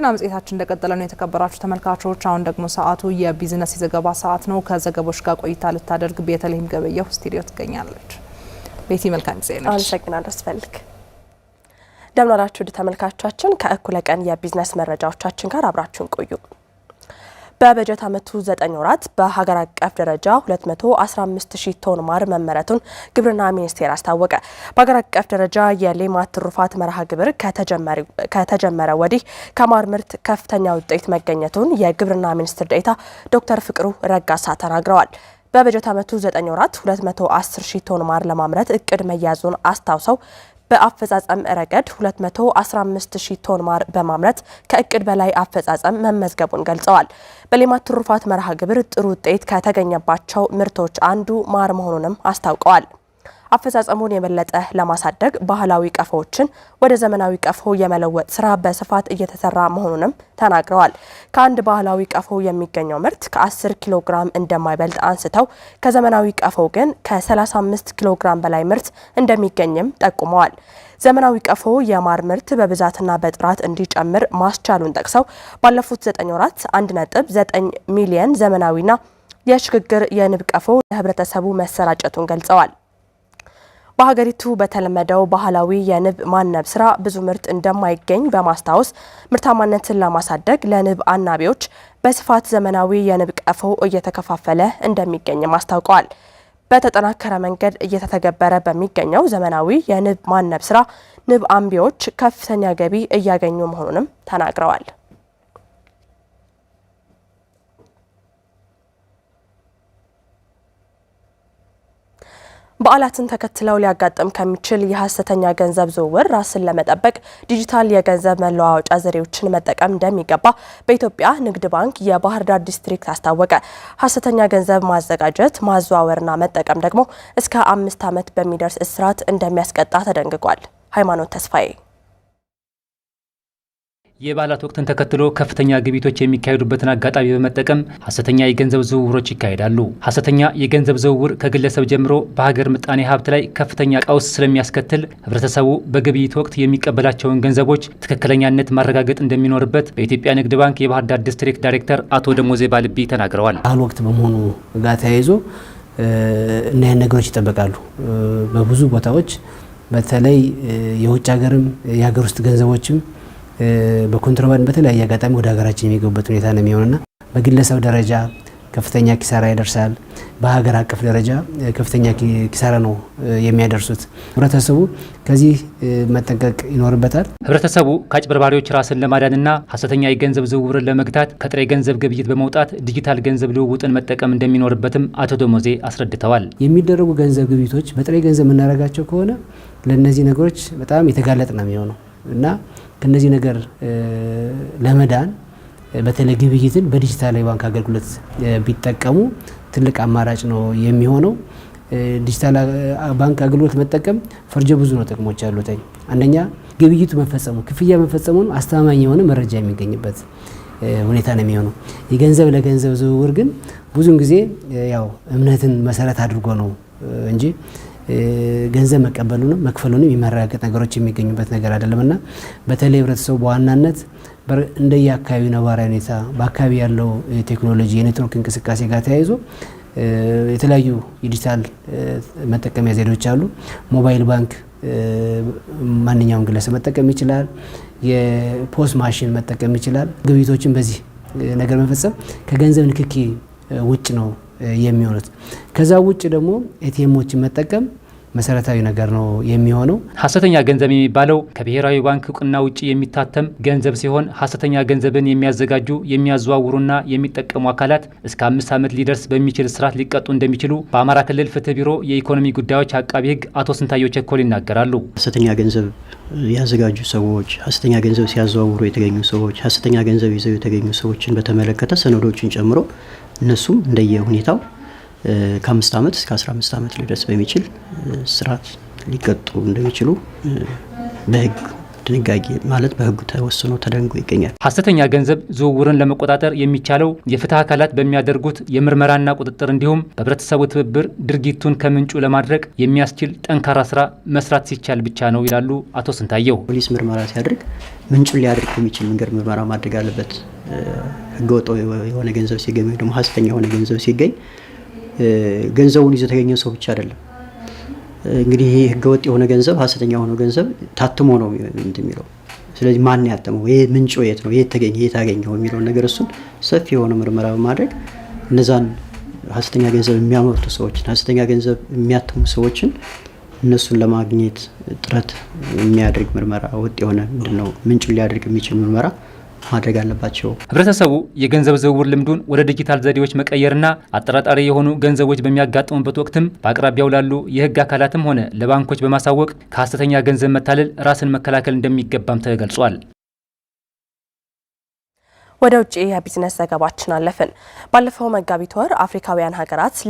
ጤና መጽሔታችን እንደቀጠለ ነው። የተከበራችሁ ተመልካቾች፣ አሁን ደግሞ ሰዓቱ የቢዝነስ የዘገባ ሰዓት ነው። ከዘገቦች ጋር ቆይታ ልታደርግ ቤተልሔም ገበየሁ ስቱዲዮ ትገኛለች። ቤቲ መልካም ጊዜ ነች። አመሰግናለሁ ስፈልግ ደምናራችሁ ተመልካቾቻችን ከእኩለ ቀን የቢዝነስ መረጃዎቻችን ጋር አብራችሁን ቆዩ። በበጀት ዓመቱ 9 ወራት በሀገር አቀፍ ደረጃ 215 ሺህ ቶን ማር መመረቱን ግብርና ሚኒስቴር አስታወቀ። በሀገር አቀፍ ደረጃ የሌማት ትሩፋት መርሃ ግብር ከተጀመረ ወዲህ ከማር ምርት ከፍተኛ ውጤት መገኘቱን የግብርና ሚኒስትር ዴኤታ ዶክተር ፍቅሩ ረጋሳ ተናግረዋል። በበጀት ዓመቱ 9 ወራት 210 ሺህ ቶን ማር ለማምረት እቅድ መያዙን አስታውሰው በአፈጻጸም ረገድ 215 ሺህ ቶን ማር በማምረት ከእቅድ በላይ አፈጻጸም መመዝገቡን ገልጸዋል። በሌማት ትሩፋት መርሃ ግብር ጥሩ ውጤት ከተገኘባቸው ምርቶች አንዱ ማር መሆኑንም አስታውቀዋል። አፈጻጸሙን የበለጠ ለማሳደግ ባህላዊ ቀፎዎችን ወደ ዘመናዊ ቀፎ የመለወጥ ስራ በስፋት እየተሰራ መሆኑንም ተናግረዋል። ከአንድ ባህላዊ ቀፎ የሚገኘው ምርት ከ10 ኪሎ ግራም እንደማይበልጥ አንስተው ከዘመናዊ ቀፎ ግን ከ35 ኪሎ ግራም በላይ ምርት እንደሚገኝም ጠቁመዋል። ዘመናዊ ቀፎ የማር ምርት በብዛትና በጥራት እንዲጨምር ማስቻሉን ጠቅሰው ባለፉት 9 ወራት 1.9 ሚሊየን ዘመናዊና የሽግግር የንብ ቀፎ ለህብረተሰቡ መሰራጨቱን ገልጸዋል። በሀገሪቱ በተለመደው ባህላዊ የንብ ማነብ ስራ ብዙ ምርት እንደማይገኝ በማስታወስ ምርታማነትን ለማሳደግ ለንብ አናቢዎች በስፋት ዘመናዊ የንብ ቀፎ እየተከፋፈለ እንደሚገኝም አስታውቀዋል። በተጠናከረ መንገድ እየተተገበረ በሚገኘው ዘመናዊ የንብ ማነብ ስራ ንብ አንቢዎች ከፍተኛ ገቢ እያገኙ መሆኑንም ተናግረዋል። በዓላትን ተከትለው ሊያጋጥም ከሚችል የሀሰተኛ ገንዘብ ዝውውር ራስን ለመጠበቅ ዲጂታል የገንዘብ መለዋወጫ ዘዴዎችን መጠቀም እንደሚገባ በኢትዮጵያ ንግድ ባንክ የባህር ዳር ዲስትሪክት አስታወቀ። ሀሰተኛ ገንዘብ ማዘጋጀት፣ ማዘዋወርና መጠቀም ደግሞ እስከ አምስት ዓመት በሚደርስ እስራት እንደሚያስቀጣ ተደንግጓል። ሃይማኖት ተስፋዬ የበዓላት ወቅትን ተከትሎ ከፍተኛ ግብይቶች የሚካሄዱበትን አጋጣሚ በመጠቀም ሀሰተኛ የገንዘብ ዝውውሮች ይካሄዳሉ። ሀሰተኛ የገንዘብ ዝውውር ከግለሰብ ጀምሮ በሀገር ምጣኔ ሀብት ላይ ከፍተኛ ቀውስ ስለሚያስከትል ሕብረተሰቡ በግብይት ወቅት የሚቀበላቸውን ገንዘቦች ትክክለኛነት ማረጋገጥ እንደሚኖርበት በኢትዮጵያ ንግድ ባንክ የባህር ዳር ዲስትሪክት ዳይሬክተር አቶ ደሞዜ ባልቢ ተናግረዋል። በዓል ወቅት በመሆኑ ጋር ተያይዞ እና ነገሮች ይጠበቃሉ። በብዙ ቦታዎች በተለይ የውጭ ሀገርም የሀገር ውስጥ ገንዘቦችም በኮንትሮባንድ በተለያየ አጋጣሚ ወደ ሀገራችን የሚገቡበት ሁኔታ ነው የሚሆንና በግለሰብ ደረጃ ከፍተኛ ኪሳራ ያደርሳል። በሀገር አቀፍ ደረጃ ከፍተኛ ኪሳራ ነው የሚያደርሱት። ህብረተሰቡ ከዚህ መጠንቀቅ ይኖርበታል። ህብረተሰቡ ከአጭበርባሪዎች ራስን ለማዳንና ሀሰተኛ የገንዘብ ዝውውርን ለመግታት ከጥሬ ገንዘብ ግብይት በመውጣት ዲጂታል ገንዘብ ልውውጥን መጠቀም እንደሚኖርበትም አቶ ደሞዜ አስረድተዋል። የሚደረጉ ገንዘብ ግብይቶች በጥሬ ገንዘብ የምናደርጋቸው ከሆነ ለእነዚህ ነገሮች በጣም የተጋለጥ ነው የሚሆነው እና ከነዚህ ነገር ለመዳን በተለይ ግብይትን በዲጂታል የባንክ አገልግሎት ቢጠቀሙ ትልቅ አማራጭ ነው የሚሆነው። ዲጂታል ባንክ አገልግሎት መጠቀም ፈርጀ ብዙ ነው ጥቅሞች ያሉት። አንደኛ ግብይቱ መፈጸሙ ክፍያ ነው። አስተማማኝ የሆነ መረጃ የሚገኝበት ሁኔታ ነው የሚሆነው። የገንዘብ ለገንዘብ ዝውውር ግን ብዙን ጊዜ ያው እምነትን መሰረት አድርጎ ነው እንጂ ገንዘብ መቀበሉንም መክፈሉንም የሚያረጋግጥ ነገሮች የሚገኙበት ነገር አይደለም እና በተለይ ህብረተሰቡ በዋናነት እንደየ አካባቢ ነባራዊ ሁኔታ በአካባቢ ያለው ቴክኖሎጂ የኔትወርክ እንቅስቃሴ ጋር ተያይዞ የተለያዩ የዲጂታል መጠቀሚያ ዘዴዎች አሉ። ሞባይል ባንክ ማንኛውም ግለሰብ መጠቀም ይችላል። የፖስት ማሽን መጠቀም ይችላል። ግብይቶችን በዚህ ነገር መፈጸም ከገንዘብ ንክኪ ውጭ ነው የሚሆኑት። ከዛ ውጭ ደግሞ ኤቲኤሞችን መጠቀም መሰረታዊ ነገር ነው የሚሆነው። ሀሰተኛ ገንዘብ የሚባለው ከብሔራዊ ባንክ እውቅና ውጭ የሚታተም ገንዘብ ሲሆን ሀሰተኛ ገንዘብን የሚያዘጋጁ የሚያዘዋውሩና የሚጠቀሙ አካላት እስከ አምስት ዓመት ሊደርስ በሚችል እስራት ሊቀጡ እንደሚችሉ በአማራ ክልል ፍትህ ቢሮ የኢኮኖሚ ጉዳዮች አቃቢ ህግ አቶ ስንታየው ቸኮል ይናገራሉ። ሀሰተኛ ገንዘብ ያዘጋጁ ሰዎች፣ ሀሰተኛ ገንዘብ ሲያዘዋውሩ የተገኙ ሰዎች፣ ሀሰተኛ ገንዘብ ይዘው የተገኙ ሰዎችን በተመለከተ ሰነዶችን ጨምሮ እነሱም እንደየ ሁኔታው ከአምስት ዓመት እስከ አምስት ዓመት ሊደርስ በሚችል ስርዓት ሊቀጡ እንደሚችሉ በህግ ድንጋጌ ማለት በህጉ ተወስኖ ተደንጎ ይገኛል። ሀሰተኛ ገንዘብ ዝውውርን ለመቆጣጠር የሚቻለው የፍትህ አካላት በሚያደርጉት የምርመራና ቁጥጥር እንዲሁም በህብረተሰቡ ትብብር ድርጊቱን ከምንጩ ለማድረግ የሚያስችል ጠንካራ ስራ መስራት ሲቻል ብቻ ነው ይላሉ አቶ ስንታየው። ፖሊስ ምርመራ ሲያደርግ ምንጩን ሊያደርግ የሚችል መንገድ ምርመራ ማድረግ አለበት። ህገወጥ የሆነ ገንዘብ ሲገኝ ወይም ደግሞ ሀሰተኛ የሆነ ገንዘብ ሲገኝ ገንዘቡን ይዞ የተገኘ ሰው ብቻ አይደለም። እንግዲህ ይህ ህገወጥ የሆነ ገንዘብ ሀሰተኛ የሆነ ገንዘብ ታትሞ ነው እንትን የሚለው። ስለዚህ ማን ያተመው፣ ይህ ምንጩ የት ነው፣ የት ተገኘ፣ የት አገኘው የሚለውን ነገር እሱን ሰፊ የሆነ ምርመራ በማድረግ እነዛን ሀሰተኛ ገንዘብ የሚያመርቱ ሰዎችን፣ ሀሰተኛ ገንዘብ የሚያትሙ ሰዎችን እነሱን ለማግኘት ጥረት የሚያደርግ ምርመራ ወጥ የሆነ ምንድን ነው ምንጩን ሊያደርግ የሚችል ምርመራ ማድረግ አለባቸው። ህብረተሰቡ የገንዘብ ዝውውር ልምዱን ወደ ዲጂታል ዘዴዎች መቀየርና አጠራጣሪ የሆኑ ገንዘቦች በሚያጋጥሙበት ወቅትም በአቅራቢያው ላሉ የህግ አካላትም ሆነ ለባንኮች በማሳወቅ ከሀሰተኛ ገንዘብ መታለል ራስን መከላከል እንደሚገባም ተገልጿል። ወደ ውጭ የቢዝነስ ዘገባችን አለፍን። ባለፈው መጋቢት ወር አፍሪካውያን ሀገራት